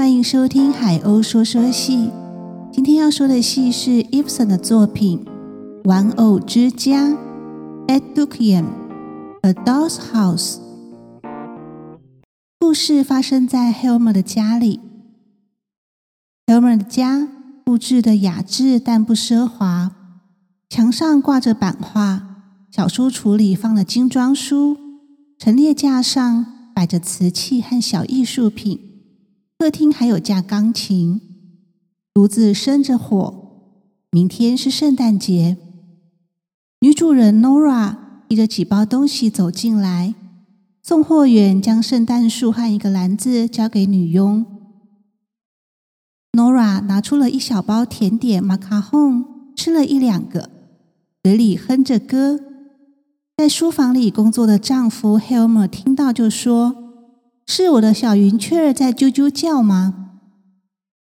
歡迎收聽《海鷗說說戲》。今天要說的戲是 Ibsen 的作品《玩偶之家》（Et dukkehjem, A Doll's House）。故事發生在 Helmer 的家裡。Helmer 的家布置得雅致但不奢華，牆上掛着版畫，小書櫥裡放了精裝書，陳列架上擺着瓷器和小藝術品。客廳還有架鋼琴，爐子生着火。明天是聖誕節。女主人 Nora 提著幾包東西走進來。送貨員將聖誕樹和一個籃子交給女傭。Nora 拿出了一小包甜點 Macaroon，吃了一兩個，嘴裡哼着歌。在書房裡工作的丈夫 Helmer 聽到就說。是我的小雲雀在啾啾叫，叫嗎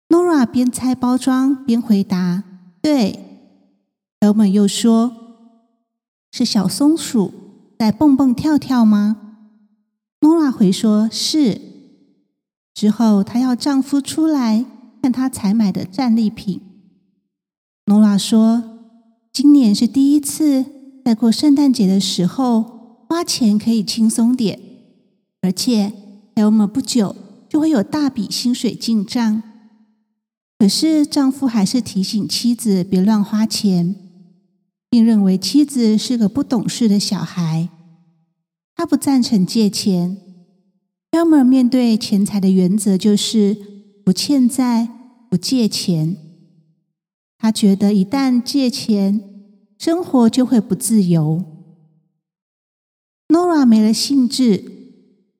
？Nora 邊拆包裝邊回答：“對。”小 o 又說：“是小松鼠在蹦蹦跳跳嗎？”Nora 回說：“是。”之後，她要丈夫出來看她採買的戰利品。Nora 說：“今年是第一次在過聖誕節的時候花錢可以輕鬆點，而且。” Helmer 不久就會有大筆薪水進賬，可是丈夫還是提醒妻子別亂花錢，並認為妻子是個不懂事的小孩。他不贊成借錢。Helmer 面對錢財的原則就是不欠債、不借錢。他覺得一旦借錢，生活就會不自由。Nora 沒了興緻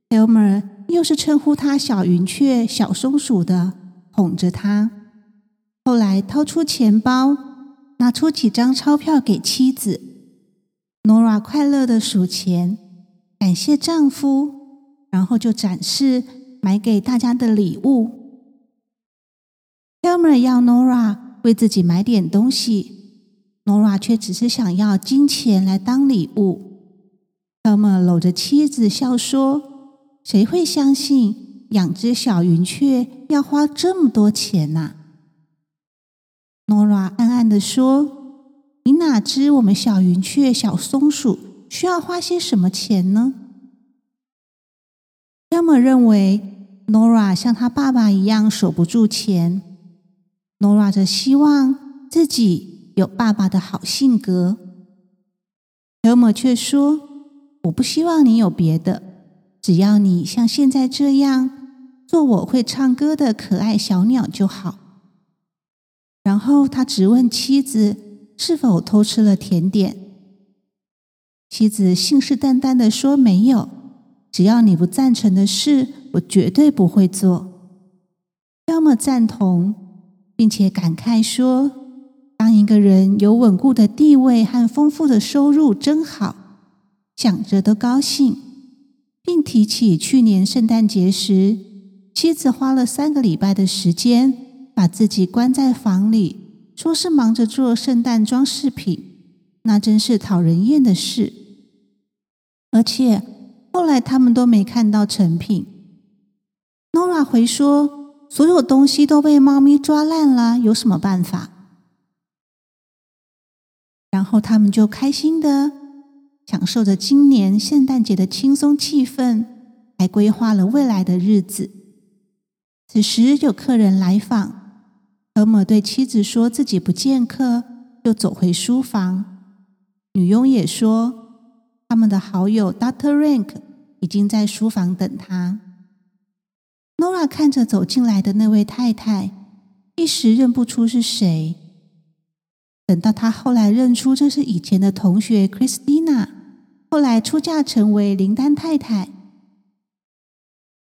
，Helmer。Helmer 又是稱呼他“小雲雀”“小松鼠”的哄着他，後來掏出錢包，拿出幾張鈔票給妻子。Nora 快樂的數錢，感謝丈夫，然後就展示買給大家的禮物。Helmer 要 Nora 為自己買點東西，Nora 卻只是想要金錢來當禮物。Helmer 摟着妻子笑說。誰會相信養隻小雲雀要花這麼多錢呢？Nora 暗暗地說：“你哪知我們小雲雀、小松鼠需要花些什麼錢呢？”Helmer 認為 Nora 像她爸爸一樣守不住錢，Nora 則希望自己有爸爸的好性格。Helmer 卻說：“我不希望你有別的。”只要你像現在這樣做，我會唱歌的可愛小鳥就好。然後他質問妻子是否偷吃了甜點，妻子信誓旦旦的說沒有。只要你不贊成的事，我絕對不會做。要麼贊同，並且感慨說：“當一個人有穩固的地位和豐富的收入，真好，想着都高興。”並提起去年聖誕節時，妻子花了三個禮拜的時間把自己關在房裡，說是忙着做聖誕裝飾品，那真是討人厭的事。而且後來他們都沒看到成品。Nora 回說，所有東西都被貓咪抓爛了，有什麼辦法？然後他們就開心的。享受着今年聖誕節的輕鬆氣氛，還規劃了未來的日子。此時有客人來訪，何某對妻子說自己不見客，又走回書房。女傭也說，他們的好友 Doctor Rank 已經在書房等他。Nora 看着走進來的那位太太，一時認不出是誰。等到他後來認出這是以前的同學 Christina。後來出嫁成為林丹太太，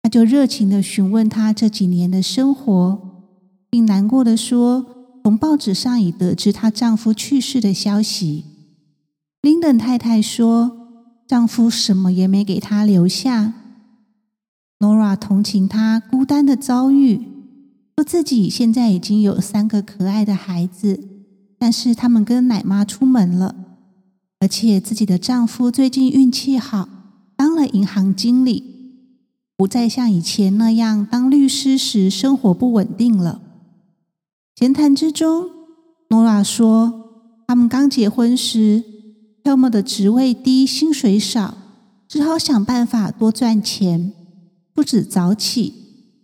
她就熱情的詢問她這幾年的生活，並難過的說：“從報紙上已得知她丈夫去世的消息。”林丹太太說：“丈夫什麼也沒給她留下。” Nora 同情她孤單的遭遇，說自己現在已經有三個可愛的孩子，但是他們跟奶媽出門了。而且自己的丈夫最近運氣好，當了銀行經理，不再像以前那樣當律師時生活不穩定了。閒談之中，諾拉說，他們剛結婚時，要麼的職位低，薪水少，只好想辦法多賺錢，不止早起，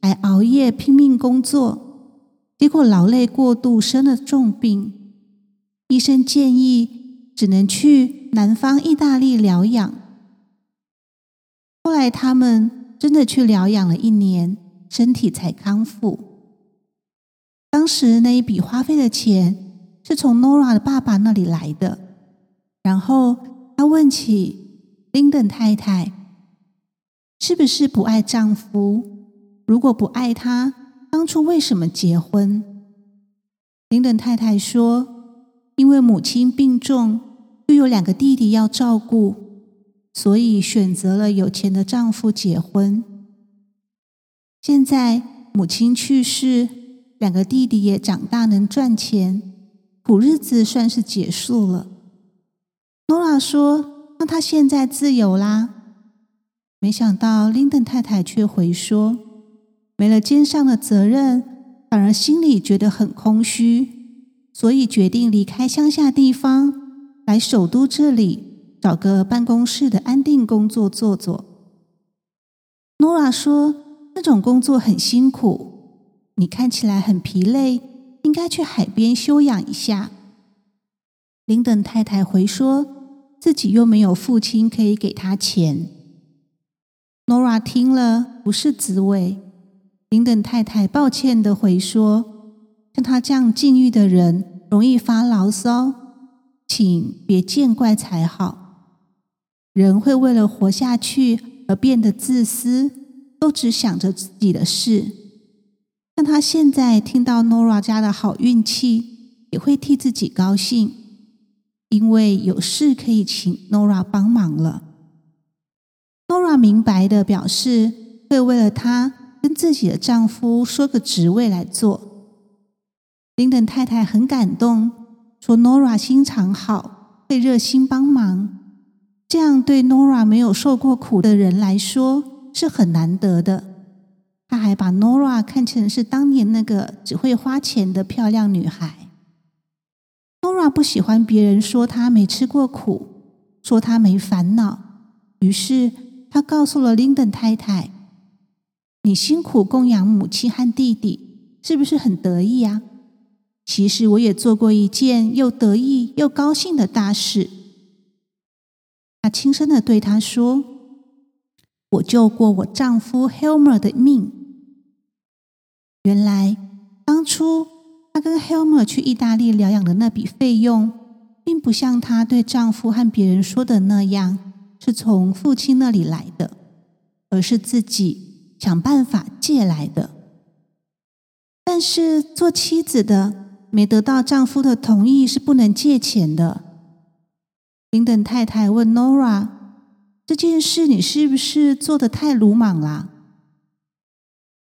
還熬夜拼命工作，結果勞累過度，生了重病。醫生建議，只能去南方意大利療養。後來他們真的去療養了一年，身體才康復。當時那一筆花費的錢是從 Nora 的爸爸那裡來的。然後他問起林頓太太是不是不愛丈夫？如果不愛他，當初為什麼結婚？林頓太太說。因為母親病重，又有兩個弟弟要照顧，所以選擇了有錢的丈夫結婚。現在母親去世，兩個弟弟也長大能賺錢，苦日子算是結束了。諾拉說：“那她現在自由啦。”沒想到林登太太卻回說：“沒了肩上的責任，反而心裡覺得很空虛。”所以決定離開鄉下地方，來首都這裡找個辦公室的安定工作做做。Nora 說：“這種工作很辛苦，你看起來很疲累，應該去海邊休養一下。”林等太太回說自己又沒有父親可以給她錢。Nora 聽了不是滋味。林等太太抱歉地回說。像他這樣境遇的人，容易發牢騷，請別見怪才好。人會為了活下去而變得自私，都只想着自己的事。像他現在聽到 Nora 家的好運氣，也會替自己高興，因為有事可以請 Nora 幫忙了。 Nora 明白地表示，會為了他跟自己的丈夫說個職位來做。林登太太很感動，說：“Nora 心腸好，會熱心幫忙，這樣對 Nora 沒有受過苦的人來說是很難得的。”她還把 Nora 看成是當年那個只會花錢的漂亮女孩。Nora 不喜歡別人說她沒吃過苦，說她沒煩惱，於是她告訴了林登太太：“你辛苦供養母親和弟弟，是不是很得意呀、啊？”其實我也做過一件又得意又高興的大事。她輕聲的對他說：“我救過我丈夫 Helmer 的命。”原來當初她跟 Helmer 去意大利療養的那筆費用，並不像她對丈夫和別人說的那樣是從父親那裡來的，而是自己想辦法借來的。但是做妻子的，沒得到丈夫的同意是不能借錢的。林登太太問 Nora：“ 這件事你是不是做得太魯莽了、啊、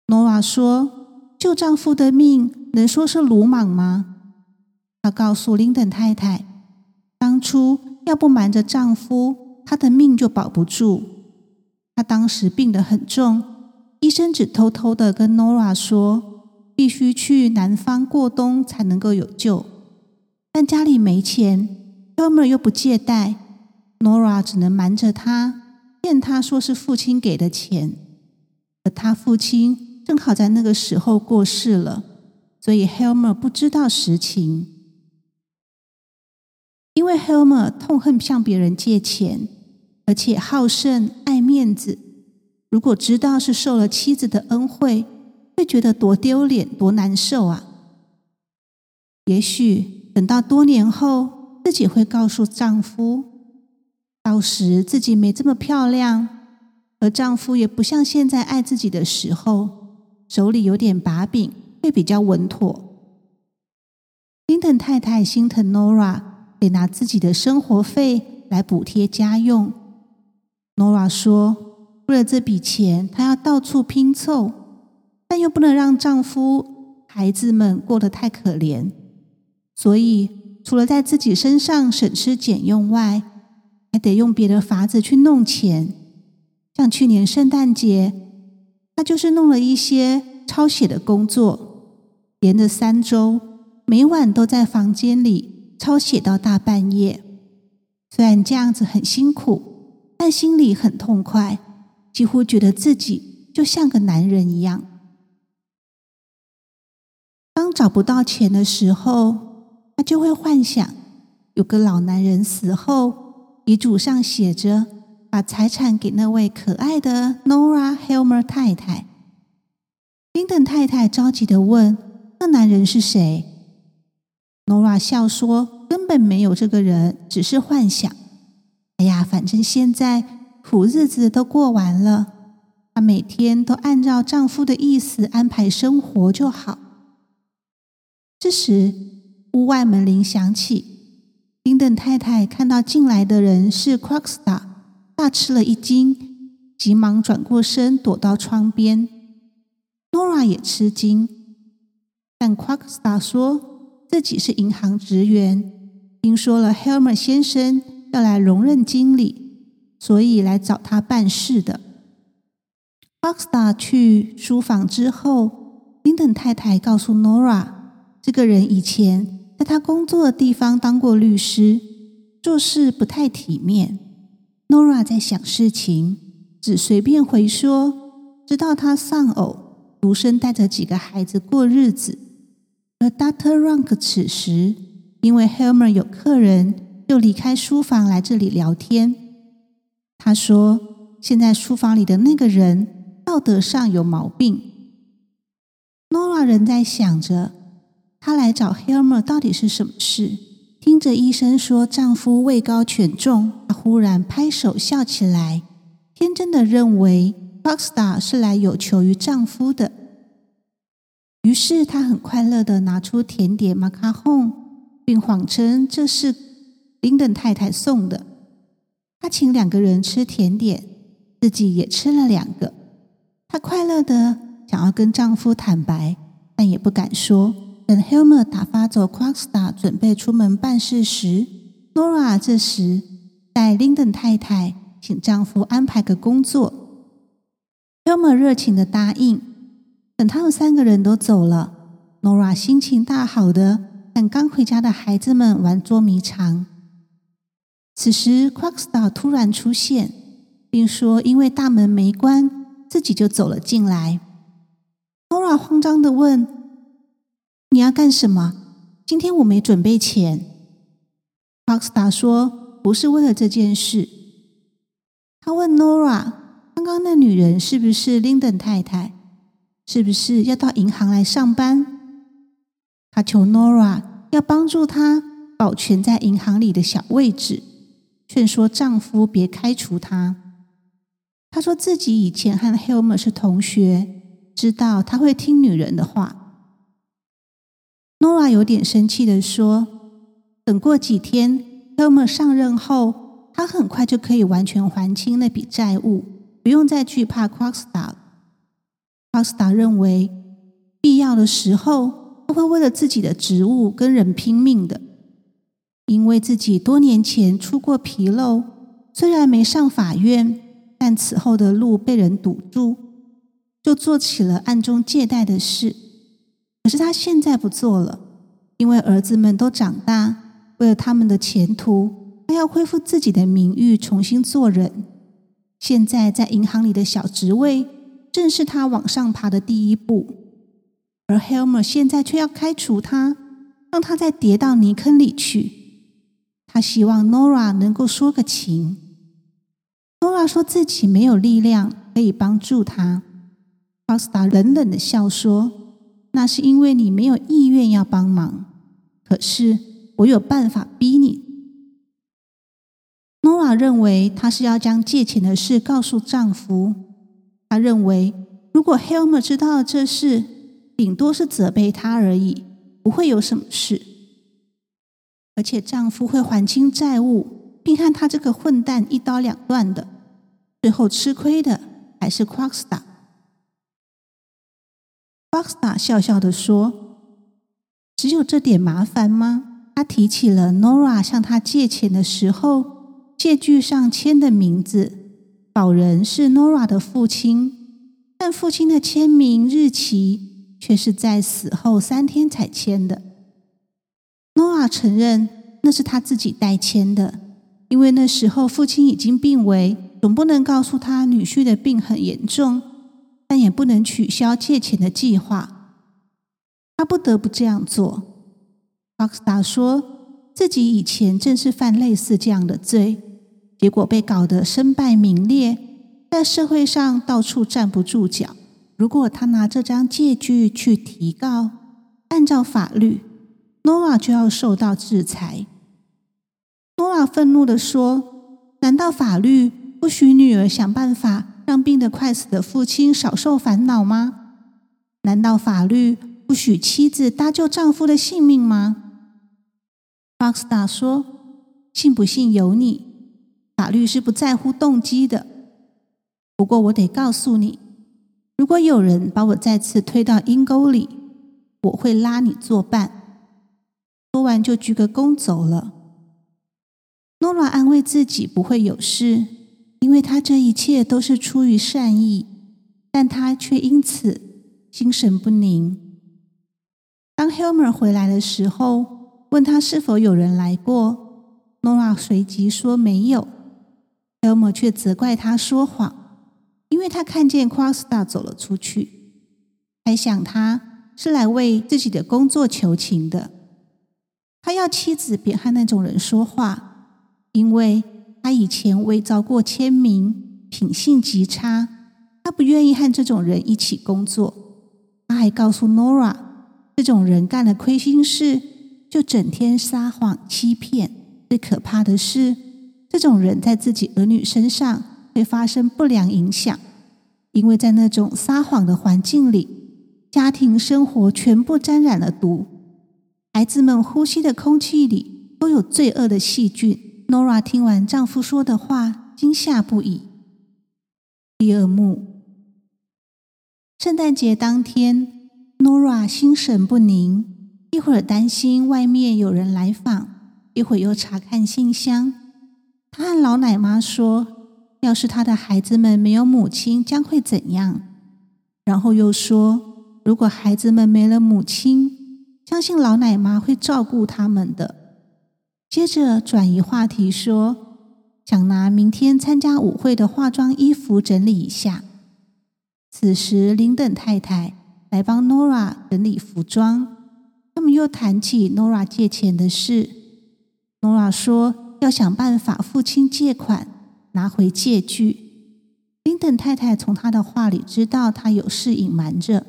？”Nora 說：“救丈夫的命能說是魯莽嗎？”她告訴林登太太：“當初要不瞞着丈夫，他的命就保不住。他當時病得很重，醫生只偷偷地跟 Nora 說。”必須去南方過冬才能夠有救，但家裡沒錢，Helmer 又不借貸，Nora 只能瞞着他，騙他說是父親給的錢，而他父親正好在那個時候過世了，所以 Helmer 不知道實情。因為 Helmer 痛恨向別人借錢，而且好勝愛面子，如果知道是受了妻子的恩惠，會覺得多丟臉，多難受啊！也許等到多年後，自己會告訴丈夫，到時自己沒這麼漂亮，而丈夫也不像現在愛自己的時候，手裡有點把柄，會比較穩妥。林登太太心疼 Nora，得拿自己的生活費來補貼家用。Nora 說，為了這筆錢，她要到處拼湊。但又不能讓丈夫、孩子們過得太可憐，所以除了在自己身上省吃儉用外，還得用別的法子去弄錢。像去年聖誕節，她就是弄了一些抄寫的工作，連着三周，每晚都在房間裡抄寫到大半夜。雖然這樣子很辛苦，但心裡很痛快，幾乎覺得自己就像個男人一樣。找不到錢的時候，他就會幻想有個老男人死後遺囑上寫着把財產給那位可愛的 Nora Helmer 太太。林頓太太着急的問：“那男人是誰？”Nora 笑說：“根本沒有這個人，只是幻想。”哎呀，反正現在苦日子都過完了，她每天都按照丈夫的意思安排生活就好。這時，屋外門鈴響起。林頓太太看到進來的人是 Krogstad，大吃了一驚，急忙轉過身躲到窗邊。Nora 也吃驚，但 Krogstad 說自己是銀行職員，聽說了 Helmer 先生要來榮任經理，所以來找他辦事的。Krogstad 去書房之後，林頓太太告訴 Nora。這個人以前在他工作的地方當過律師，做事不太體面。Nora 在想事情，只隨便回說，直到他喪偶，獨身帶着幾個孩子過日子。而 Doctor Rank 此時因為 Helmer 有客人，就離開書房來這裡聊天。他說：“現在書房裡的那個人道德上有毛病。” Nora 仍在想着。她來找 Helmer 到底是什麼事？聽着醫生說丈夫位高權重，她忽然拍手笑起來，天真的認為 Boxer 是來有求於丈夫的。於是她很快樂的拿出甜點 m a c a r o n 並謊稱這是 Linden 太太送的。她請兩個人吃甜點，自己也吃了兩個。她快樂的想要跟丈夫坦白，但也不敢說。等 Helmer 打發走 Krogstad，準備出門辦事時，Nora 這時帶 Linden 太太請丈夫安排個工作。Helmer 熱情的答應。等他們三個人都走了，Nora 心情大好的看剛回家的孩子們玩捉迷藏。此時 Krogstad 突然出現，並說因為大門沒關，自己就走了進來。Nora 慌張的問。你要幹什麼？今天我沒準備錢。Krogstad 說：“不是為了這件事。”他問 Nora：“ 剛剛那女人是不是 Linden 太太？是不是要到銀行來上班？”他求 Nora 要幫助他保全在銀行裡的小位置，勸說丈夫別開除他。他說自己以前和 Helmer 是同學，知道他會聽女人的話。Nora 有點生氣地說：“等過幾天，Helmer 上任後，他很快就可以完全還清那筆債務，不用再懼怕 Krogstad 了。Krogstad 認為，必要的時候，他會為了自己的職務跟人拼命的。因為自己多年前出過紕漏，雖然沒上法院，但此後的路被人堵住，就做起了暗中借貸的事。”可是他現在不做了，因為兒子們都長大，為了他們的前途，他要恢復自己的名譽，重新做人。現在在銀行裡的小職位，正是他往上爬的第一步。而 Helmer 現在卻要開除他，讓他再跌到泥坑裡去。他希望 Nora 能夠說個情。Nora 說自己沒有力量可以幫助他。Krogstad 冷冷的笑說。那是因為你沒有意願要幫忙，可是我有辦法逼你。Nora 認為她是要將借錢的事告訴丈夫，她認為如果 Helmer 知道了這事，頂多是責備他而已，不會有什麼事，而且丈夫會還清債務，並和他這個混蛋一刀兩斷的。最後吃虧的還是 Krogstad。巴克薩笑笑地說：“只有這點麻煩嗎？”他提起了 Nora 向他借錢的時候，借據上簽的名字，保人是 Nora 的父親，但父親的簽名日期卻是在死後三天才簽的。Nora 承認那是她自己代簽的，因為那時候父親已經病危，總不能告訴他女婿的病很嚴重。但也不能取消借錢的計劃，他不得不這樣做。阿克斯達說自己以前正是犯類似這樣的罪，結果被搞得身敗名裂，在社會上到處站不住腳。如果他拿這張借據去提告，按照法律，諾瓦就要受到制裁。諾瓦憤怒地說：“難道法律不許女兒想辦法？”讓病得快死的父親少受煩惱嗎？難道法律不許妻子搭救丈夫的性命嗎？巴克斯塔說：“信不信由你，法律是不在乎動機的。不過我得告訴你，如果有人把我再次推到陰溝裡，我會拉你作伴。”說完就鞠個躬走了。諾拉安慰自己不會有事。因為他這一切都是出於善意，但他卻因此心神不寧。當 Helmer 回來的時候，問他是否有人來過，諾拉隨即說沒有。Helmer 卻責怪他說謊，因為他看見 Krogstad 走了出去，還想他是來為自己的工作求情的。他要妻子別和那種人說話，因為，他以前偽造過簽名，品性極差。他不願意和這種人一起工作。他還告訴 Nora，這種人幹了虧心事，就整天撒謊欺騙。最可怕的是，這種人在自己兒女身上會發生不良影響，因為在那種撒謊的環境裡，家庭生活全部沾染了毒，孩子們呼吸的空氣裡都有罪惡的細菌。Nora 聽完丈夫說的話，驚嚇不已。第二幕，聖誕節當天，Nora 心神不寧，一會兒擔心外面有人來訪，一會兒又查看信箱。她和老奶媽說：“要是她的孩子們沒有母親，將會怎樣？”然後又說：“如果孩子們沒了母親，相信老奶媽會照顧他們的。”接着轉移話題說，說想拿明天參加舞會的化妝衣服整理一下。此時，林登太太來幫 Nora 整理服裝，他們又談起 Nora 借錢的事。Nora 說要想辦法付清借款，拿回借據。林登太太從他的話裡知道他有事隱瞞着。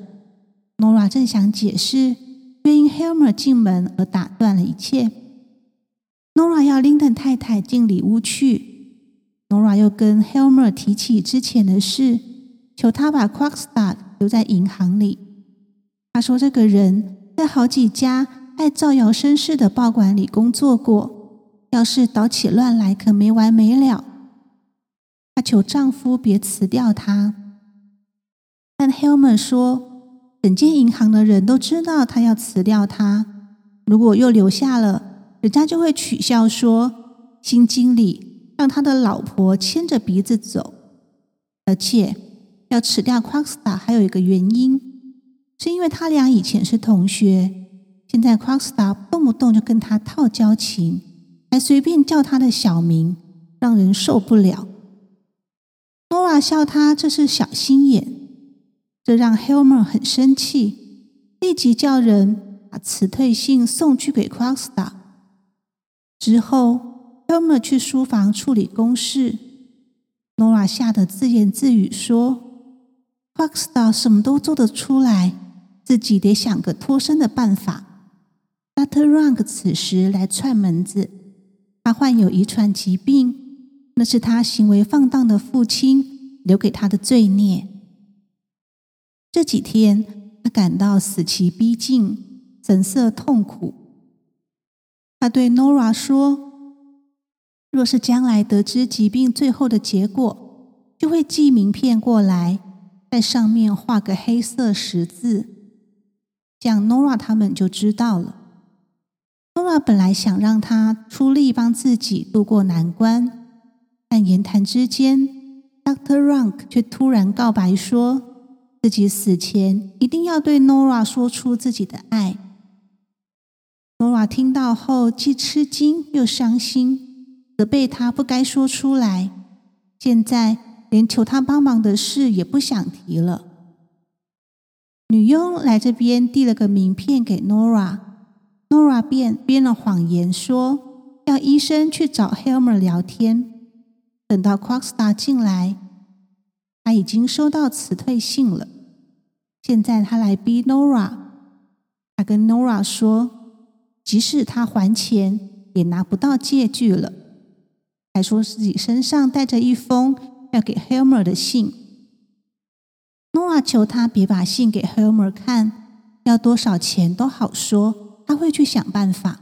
Nora 正想解釋，卻因 Helmer 進門而打斷了一切。Nora 要 Linde 太太進裡屋去。Nora 又跟 Helmer 提起之前的事，求他把 Krogstad 留在銀行裡。她說：“這個人在好幾家愛造謠生事的報館裡工作過，要是搗起亂來，可沒完沒了。”她求丈夫別辭掉他，但 Helmer 說：“整間銀行的人都知道他要辭掉他，如果又留下了。”人家就會取笑說新經理讓他的老婆牽着鼻子走，而且要辭掉 Krogstad 還有一個原因，是因為他倆以前是同學，現在 Krogstad 動不動就跟他套交情，還隨便叫他的小名，讓人受不了。Nora 笑他這是小心眼，這讓 Helmer 很生氣，立即叫人把辭退信送去給 Krogstad。之後，湯姆去書房處理公事，諾拉嚇得自言自語說：“福克斯什麼都做得出來，自己得想個脫身的辦法。” r 特倫克此時來串門子，他患有遺傳疾病，那是他行為放蕩的父親留給他的罪孽。這幾天，他感到死期逼近，神色痛苦。他對 Nora 說：“若是將來得知疾病最後的結果，就會寄名片過來，在上面畫個黑色十字，這樣 Nora 他們就知道了。” Nora 本來想讓他出力幫自己渡過難關，但言談之間，Doctor Rank 卻突然告白說，說自己死前一定要對 Nora 說出自己的愛。Nora 聽到後，既吃驚又傷心，責備她不該說出來。現在連求她幫忙的事也不想提了。女傭來這邊遞了個名片給 Nora，Nora Nora 便編了謊言說要醫生去找 Helmer 聊天。等到 Krogstad 進來，她已經收到辭退信了。現在她來逼 Nora，她跟 Nora 說。即使他還錢，也拿不到借據了。還說自己身上帶着一封要給 Helmer 的信。Nora 求他別把信給 Helmer 看，要多少錢都好說，他會去想辦法。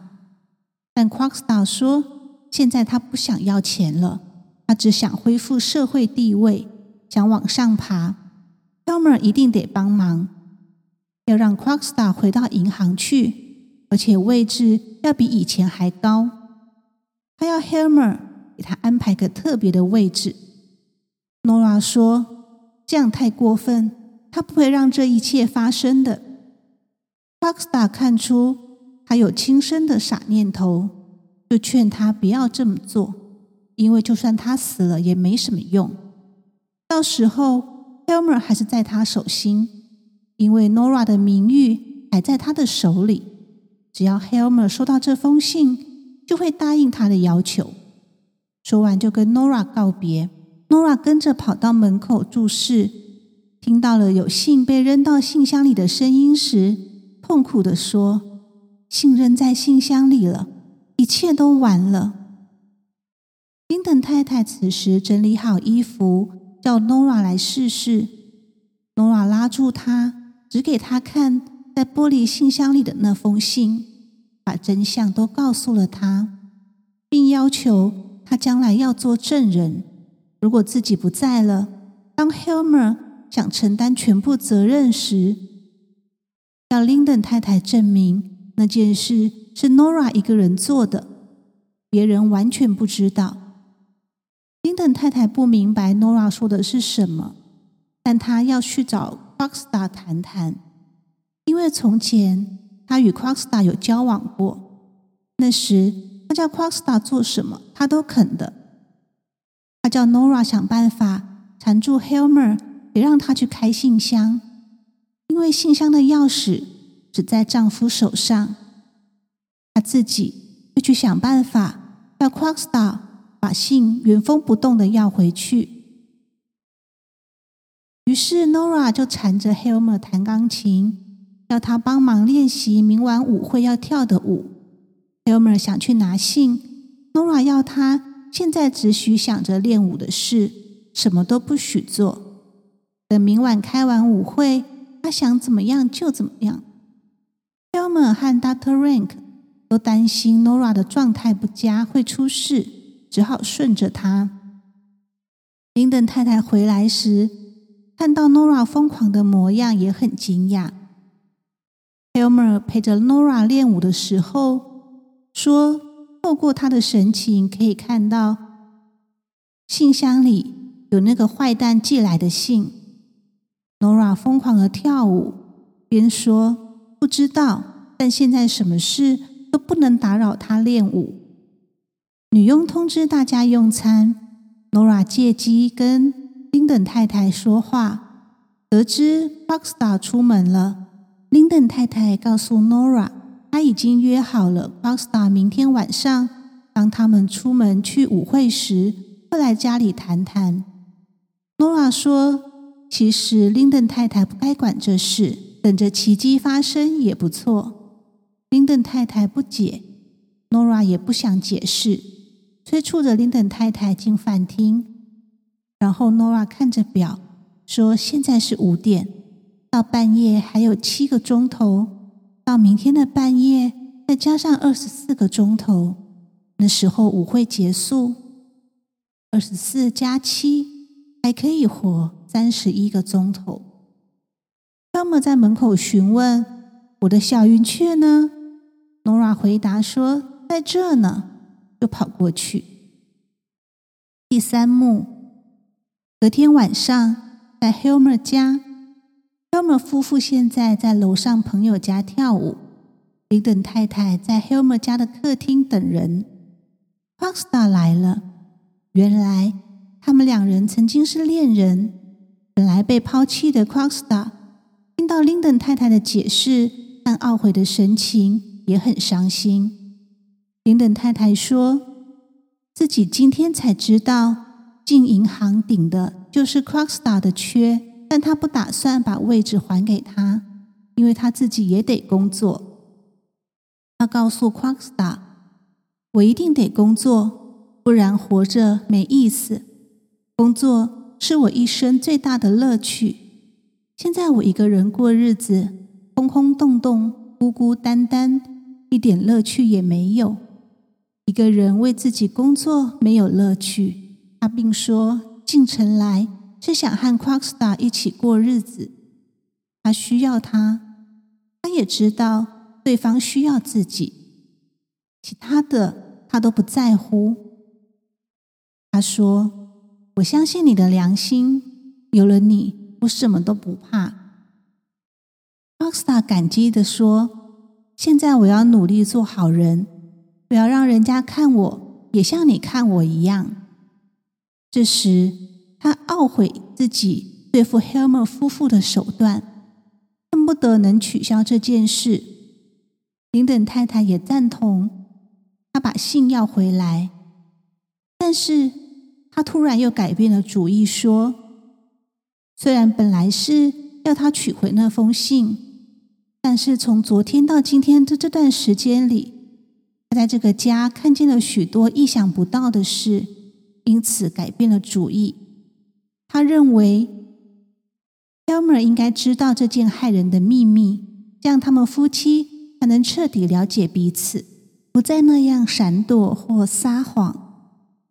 但 Krogstad 說，現在他不想要錢了，他只想恢復社會地位，想往上爬。Helmer 一定得幫忙，要讓 Krogstad 回到銀行去。而且位置要比以前還高。他要 Helmer 給他安排個特別的位置。Nora 說：“這樣太過分，他不會讓這一切發生的。”Krogstad 看出他有輕生的傻念頭，就勸他不要這麼做，因為就算他死了也沒什麼用。到時候 Helmer 還是在他手心，因為 Nora 的名譽還在他的手裡。只要 Helmer 收到這封信，就會答應他的要求。說完就跟 Nora 告別，Nora 跟着跑到門口注視，聽到了有信被扔到信箱裡的聲音時，痛苦地說：“信扔在信箱裡了，一切都完了。”林登太太此時整理好衣服，叫 Nora 來試試。Nora 拉住她，指給她看在玻璃信箱裡的那封信。把真相都告訴了他，並要求他將來要做證人。如果自己不在了，當 Helmer 想承擔全部責任時，要 Linden 太太證明那件事是 Nora 一個人做的，別人完全不知道。Linden 太太不明白 Nora 說的是什麼，但她要去找 Krogstad 談談，因為從前，她與 Krogstad 有交往過，那時她叫 Krogstad 做什麼，她都肯的。她叫 Nora 想辦法纏住 Helmer，別讓她去開信箱，因為信箱的鑰匙只在丈夫手上。她自己又去想辦法要 Krogstad 把信原封不動的要回去。於是 Nora 就纏着 Helmer 彈鋼琴。要他幫忙練習明晚舞會要跳的舞。Helmer 想去拿信，Nora 要他現在只許想着練舞的事，什麼都不許做。等明晚開完舞會，他想怎麼樣就怎麼樣。Helmer 和 Doctor Rank 都擔心 Nora 的狀態不佳會出事，只好順着他。林登太太回來時，看到 Nora 瘋狂的模樣，也很驚訝。Helmer 陪着 Nora 練舞的時候，說：“透過他的神情，可以看到信箱裡有那個壞蛋寄來的信。”Nora 瘋狂的跳舞，邊說：“不知道，但現在什麼事都不能打擾他練舞。”女傭通知大家用餐，Nora 借機跟林德太太說話，得知 Boxster 出門了。林登太太告訴 Nora，她已經約好了 Bostar 明天晚上，當他們出門去舞會時，會來家裡談談。Nora 說：“其實林登太太不該管這事，等着奇迹發生也不錯。”林登太太不解，Nora 也不想解釋，催促着林登太太進飯廳。然後 Nora 看着表，說：“現在是五點。”到半夜還有七個鐘頭，到明天的半夜再加上二十四個鐘頭，那時候舞會結束，二十四加七還可以活三十一個鐘頭。Helmer 在門口詢問：“我的小雲雀呢？”Nora 回答說：“在這呢。”又跑過去。第三幕，隔天晚上在 Helmer 家。Helmer 夫婦現在在樓上朋友家跳舞，Linden 太太在 Helmer 家的客廳等人。Crosta 來了，原來他們兩人曾經是戀人，本來被拋棄的 Crosta，聽到 Linden 太太的解釋但懊悔的神情，也很傷心。Linden 太太說自己今天才知道，進銀行頂的就是 Crosta 的缺。但他不打算把位置還給他，因為他自己也得工作。他告訴夸克斯達：“我一定得工作，不然活着沒意思。工作是我一生最大的樂趣。現在我一個人過日子，空空洞洞，孤孤單單，一點樂趣也沒有。一個人為自己工作沒有樂趣。”他並說：“進城來。”是想和 Krogstad 一起過日子，他需要他，他也知道對方需要自己，其他的他都不在乎。他說：“我相信你的良心，有了你，我什麼都不怕。”Krogstad 感激地說：“現在我要努力做好人，我要讓人家看我也像你看我一樣。”這時，懊悔自己對付希爾曼夫婦的手段，恨不得能取消這件事。林頓太太也贊同，他把信要回來，但是他突然又改變了主意，說：雖然本來是要他取回那封信，但是從昨天到今天的這段時間裡，他在這個家看見了許多意想不到的事，因此改變了主意。他認為，Helmer 應該知道這件駭人的秘密，讓他們夫妻才能徹底了解彼此，不再那樣閃躲或撒謊。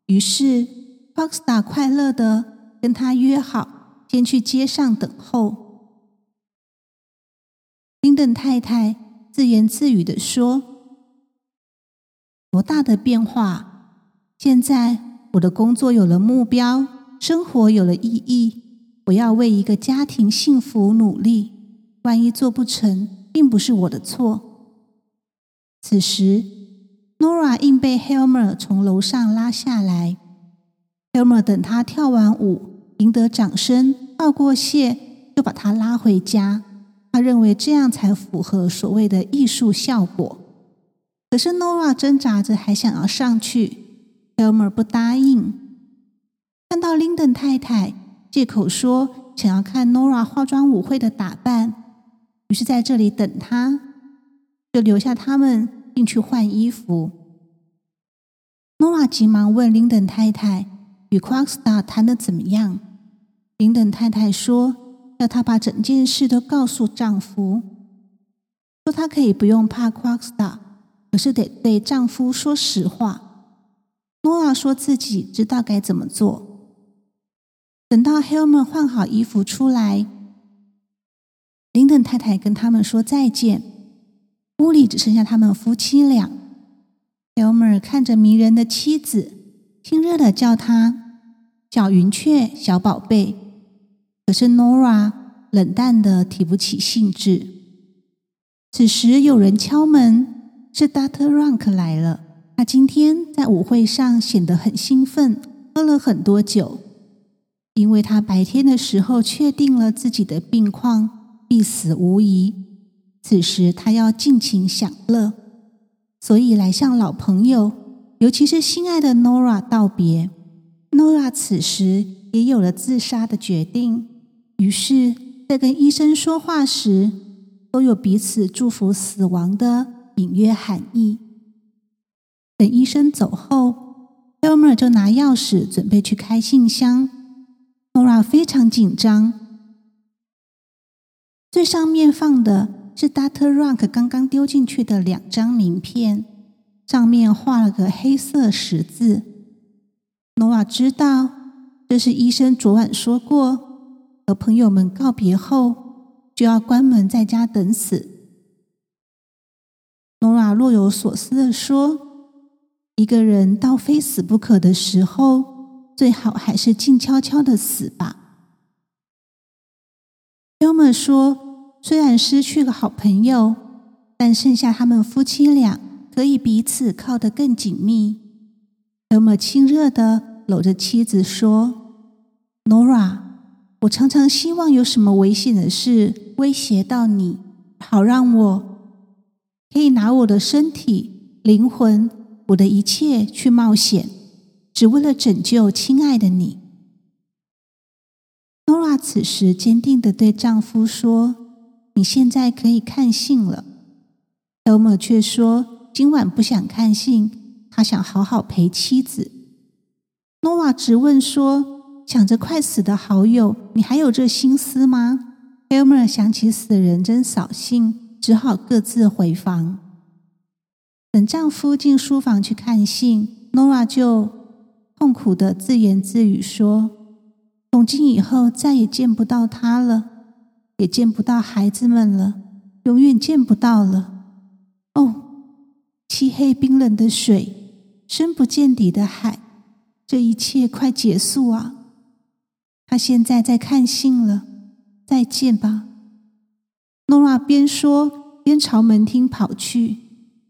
於是，鮑斯塔快樂的跟他約好，先去街上等候。丁頓太太自言自語的說：“多大的變化！現在我的工作有了目標。”生活有了意義。我要為一個家庭幸福努力。萬一做不成，並不是我的錯。此時，Nora 硬被 Helmer 從樓上拉下來。Helmer 等她跳完舞，贏得掌聲，道過謝，就把她拉回家。他認為這樣才符合所謂的藝術效果。可是 Nora 掙扎着還想要上去，Helmer 不答應。看到林登太太借口說想要看 Nora 化妝舞會的打扮，於是在這裡等她，就留下他們進去換衣服。Nora 急忙問林登太太與 Krogstad 談得怎麼樣。林登太太說要她把整件事都告訴丈夫，說她可以不用怕 Krogstad，可是得對丈夫說實話。Nora 說自己知道該怎麼做。等到 Helmer 換好衣服出來，林頓太太跟他們說再見。屋裡只剩下他們夫妻倆。Helmer 看着迷人的妻子，親熱的叫她“小雲雀，小寶貝”。可是 Nora 冷淡的提不起興致。此時有人敲門，是 Dr. Rank 來了。他今天在舞會上顯得很興奮，喝了很多酒。因為他白天的時候確定了自己的病況，必死無疑。此時他要盡情享樂，所以來向老朋友，尤其是心愛的 Nora 道別。Nora 此時也有了自殺的決定，於是，在跟醫生說話時，都有彼此祝福死亡的隱約含義。等醫生走後，Helmer 就拿鑰匙準備去開信箱。諾拉非常緊張。最上面放的是 Dr. Rank 剛剛丟進去的兩張名片，上面畫了個黑色十字。諾拉知道，這是醫生昨晚說過，和朋友們告別後就要關門在家等死。諾拉若有所思地說：“一個人到非死不可的時候。”最好還是靜悄悄地死吧。尤默說：“雖然失去個好朋友，但剩下他們夫妻倆可以彼此靠得更緊密。”尤默親熱地摟着妻子說：“Nora，我常常希望有什麼危險的事威脅到你，好讓我可以拿我的身體、靈魂、我的一切去冒險。”只為了拯救親愛的你，諾拉此時堅定的對丈夫說：“你現在可以看信了。” Elmer 卻說：“今晚不想看信，他想好好陪妻子。”諾拉直問說：“想着快死的好友，你還有這心思嗎？” Elmer 想起死人真掃興，只好各自回房。等丈夫進書房去看信，諾拉就，痛苦的自言自語說：“從今以後再也見不到他了，也見不到孩子們了，永遠見不到了。”哦，漆黑冰冷的水，深不見底的海，這一切快結束啊！他現在在看信了，再見吧。諾拉邊說邊朝門廳跑去，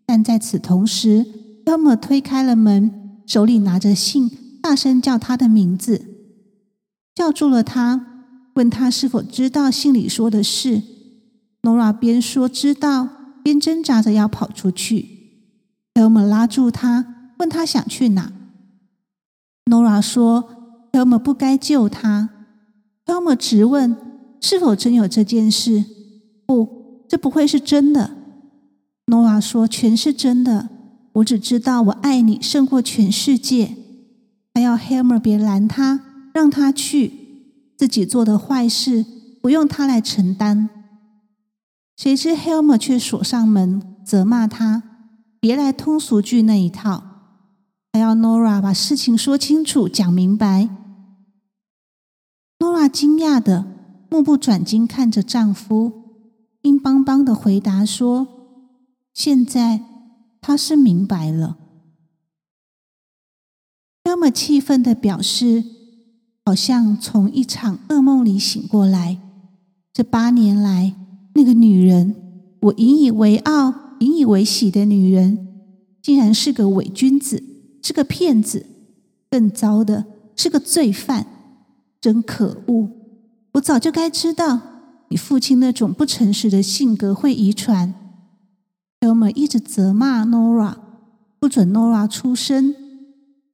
但在此同時，要麼推開了門。手裡拿着信，大聲叫他的名字，叫住了他，問他是否知道信裡說的事。諾拉邊說知道，邊掙扎着要跑出去。湯姆拉住他，問他想去哪。諾拉說：“湯姆不該救他。”湯姆質問：“是否真有這件事？”“不，這不會是真的。”諾拉說：“全是真的。”我只知道我愛你勝過全世界，還要 Helmer 別攔他，讓他去，自己做的壞事不用他來承擔。誰知 Helmer 卻鎖上門，責罵他，別來通俗劇那一套，還要 Nora 把事情說清楚、講明白。Nora 驚訝的目不轉睛看着丈夫，硬邦邦的回答說：“現在。”他是明白了，那麼氣憤的表示，好像從一場噩夢裡醒過來。這八年來，那個女人，我引以為傲、引以為喜的女人，竟然是個偽君子，是個騙子，更糟的是個罪犯，真可惡！我早就該知道，你父親那種不誠實的性格會遺傳。哥們一直責罵 Nora，不准 Nora 出聲。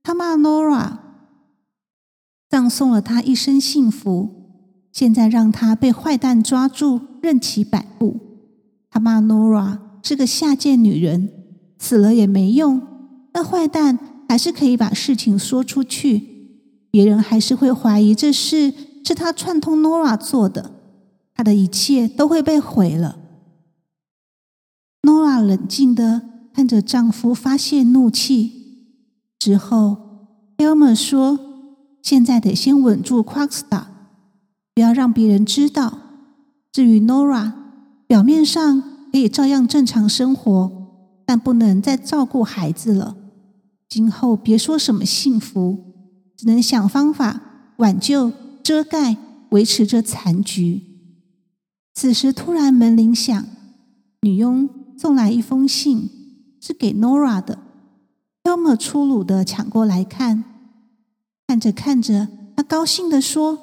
他罵 Nora，葬送了他一生幸福。現在讓他被壞蛋抓住，任其擺布。他罵 Nora 是個下賤女人，死了也沒用。那壞蛋還是可以把事情說出去，別人還是會懷疑這事是，是他串通 Nora 做的。他的一切都會被毀了。Nora 冷靜地看着丈夫發泄怒氣，之後，Helmer 說：“現在得先穩住 Krogstad，不要讓別人知道。至於 Nora，表面上可以照樣正常生活，但不能再照顧孩子了。今後別說什麼幸福，只能想方法挽救、遮蓋、維持着殘局。”此時突然門鈴響，女傭，送來一封信，是給 Nora 的。Helmer 粗魯的搶過來看，看着看着，他高興的說：“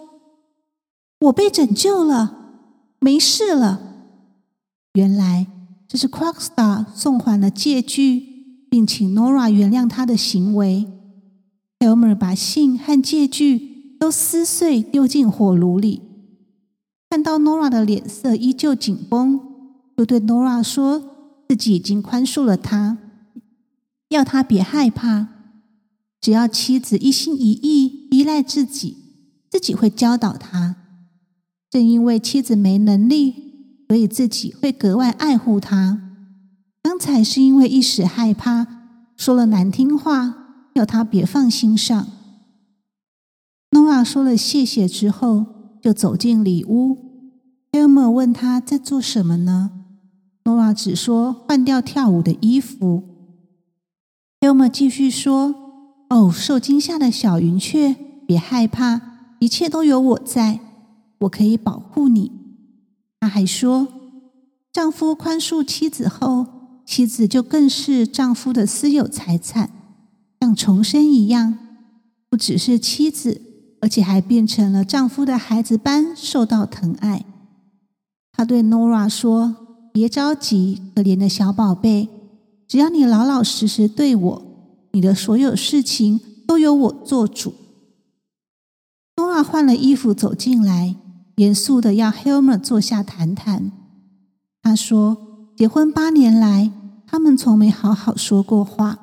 我被拯救了，沒事了。”原來這是 Krogstad 送還了借據，並請 Nora 原諒他的行為。Helmer 把信和借據都撕碎，丟進火爐裡。看到 Nora 的臉色依舊緊繃，就對 Nora 說。自己已經寬恕了他，要他別害怕。只要妻子一心一意依賴自己，自己會教導他。正因為妻子沒能力，所以自己會格外愛護他。剛才是因為一時害怕，說了難聽話，要他別放心上。諾拉說了謝謝之後，就走進裡屋。希爾默問他在做什麼呢？Nora 只說換掉跳舞的衣服。Helmer 繼續說：“哦，受驚嚇的小雲雀，別害怕，一切都有我在，我可以保護你。”她還說：“丈夫寬恕妻子後，妻子就更是丈夫的私有財產，像重生一樣，不只是妻子，而且還變成了丈夫的孩子般受到疼愛。”她對 Nora 說。別着急，可憐的小寶貝。只要你老老實實對我，你的所有事情都由我做主。多爾換了衣服走進來，嚴肅地要 Helmer 坐下談談。他說：“結婚八年來，他們從沒好好說過話。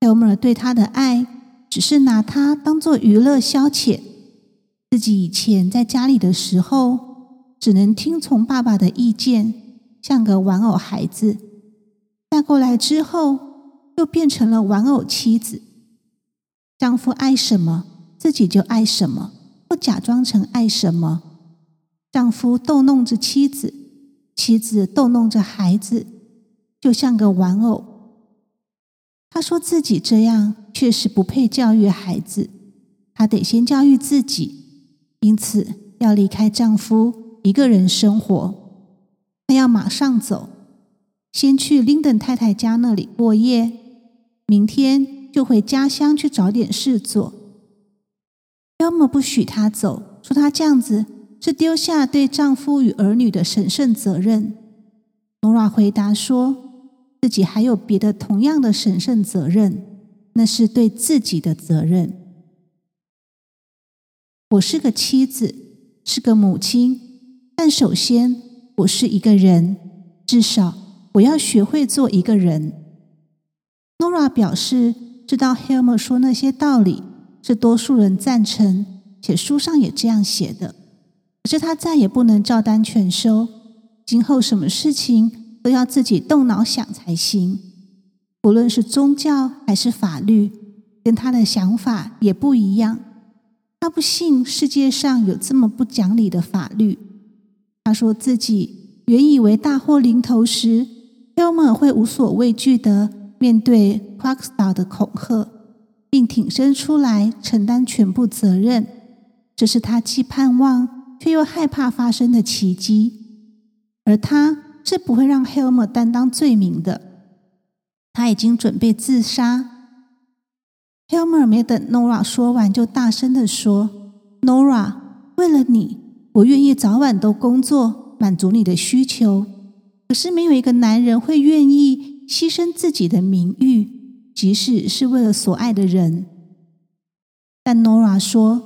Helmer 對他的愛，只是拿他當做娛樂消遣。自己以前在家裡的時候，只能聽從爸爸的意見。”像個玩偶孩子，嫁過來之後又變成了玩偶妻子。丈夫愛什麼，自己就愛什麼，不假裝成愛什麼。丈夫逗弄着妻子，妻子逗弄着孩子，就像個玩偶。她說自己這樣確實不配教育孩子，她得先教育自己，因此要離開丈夫一個人生活。她要馬上走，先去林登太太家那裡過夜，明天就回家鄉去找點事做。要麼不許她走，說她這樣子是丟下對丈夫與兒女的神聖責任。努拉回答說自己還有別的同樣的神聖責任，那是對自己的責任。我是個妻子，是個母親，但首先。我是一個人，至少我要學會做一個人。Nora 表示知道 Helmer 說那些道理是多數人贊成，且書上也這樣寫的。可是他再也不能照單全收，今後什麼事情都要自己動腦想才行。不論是宗教還是法律，跟他的想法也不一樣。他不信世界上有這麼不講理的法律。他說：“自己原以為大禍臨頭時，Helmer 會無所畏懼的面對 Krogstad 的恐嚇，並挺身出來承擔全部責任。這是他既盼望卻又害怕發生的奇蹟。而他是不會讓 Helmer 擔當罪名的。他已經準備自殺。” Helmer 沒等 Nora 說完，就大聲的說：“Nora，為了你。”我願意早晚都工作，滿足你的需求。可是沒有一個男人會願意犧牲自己的名譽，即使是為了所愛的人。但 Nora 說，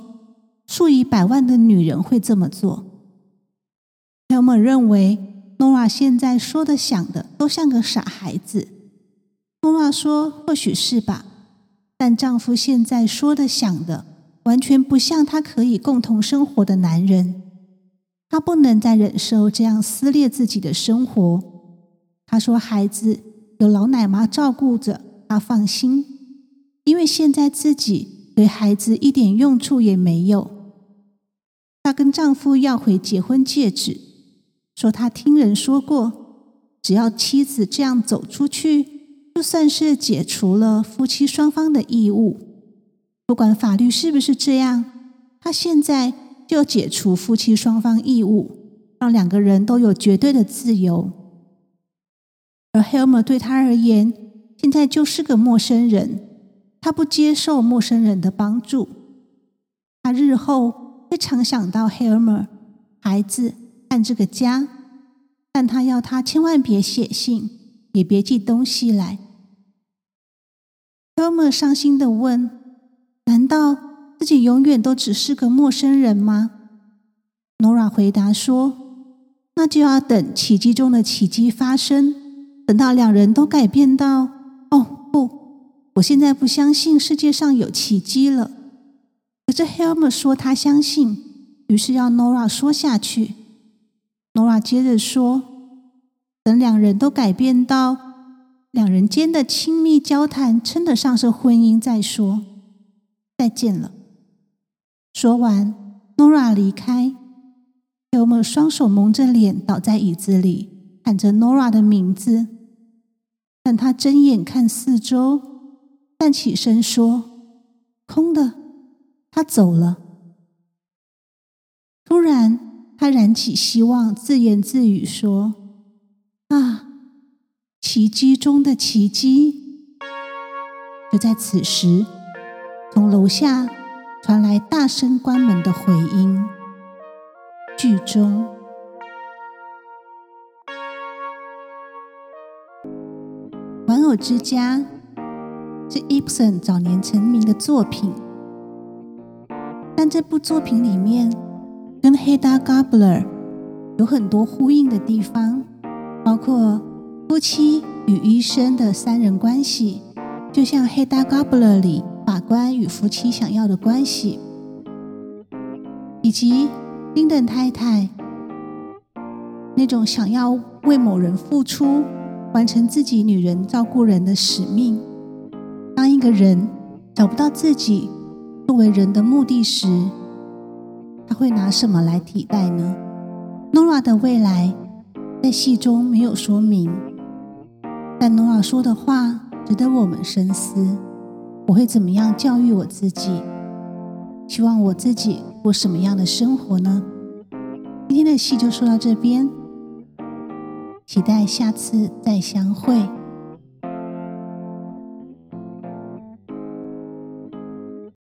數以百萬的女人會這麼做。Helmer 認為，Nora 現在說的、想的都像個傻孩子。Nora 說，或許是吧。但丈夫現在說的、想的，完全不像他可以共同生活的男人。她不能再忍受這樣撕裂自己的生活。她說：“孩子有老奶媽照顧着，她放心。因為現在自己對孩子一點用處也沒有。”她跟丈夫要回結婚戒指，說她聽人說過，只要妻子這樣走出去，就算是解除了夫妻雙方的義務。不管法律是不是這樣，她現在。就解除夫妻雙方義務，讓兩個人都有絕對的自由。而 Helmer 對他而言，現在就是個陌生人。他不接受陌生人的幫助。他日後會常想到 Helmer 孩子、看這個家。但他要他千萬別寫信，也別寄東西來。Helmer 傷心地問：難道？自己永遠都只是個陌生人嗎？Nora 回答說：“那就要等奇蹟中的奇蹟發生，等到兩人都改變到……哦，不，我現在不相信世界上有奇蹟了。”可是 Helmer 說他相信，於是要 Nora 說下去。Nora 接着說：“等兩人都改變到，兩人間的親密交談稱得上是婚姻再說，再見了。”說完，Nora 離開 Gilmore 雙手蒙着臉，倒在椅子裡，喊着 Nora 的名字。但他睜眼看四周，站起身說：“空的，他走了。”突然，他燃起希望，自言自語說：“啊，奇蹟中的奇蹟！”就在此時，從樓下。傳來大聲關門的回音。劇終。《玩偶之家》是 Ibsen 早年成名的作品，但這部作品裡面跟《黑達·蓋伯樂》有很多呼應的地方，包括夫妻與醫生的三人關係，就像《黑達·蓋伯樂》裡。法官與夫妻想要的關係，以及丁頓太太那種想要為某人付出、完成自己女人照顧人的使命。當一個人找不到自己作為人的目的時，他會拿什麼來替代呢？Nora 的未來在戲中沒有說明，但 Nora 說的話值得我們深思。我會怎麼樣教育我自己？希望我自己過什麼樣的生活呢？今天的戲就說到這邊，期待下次再相會。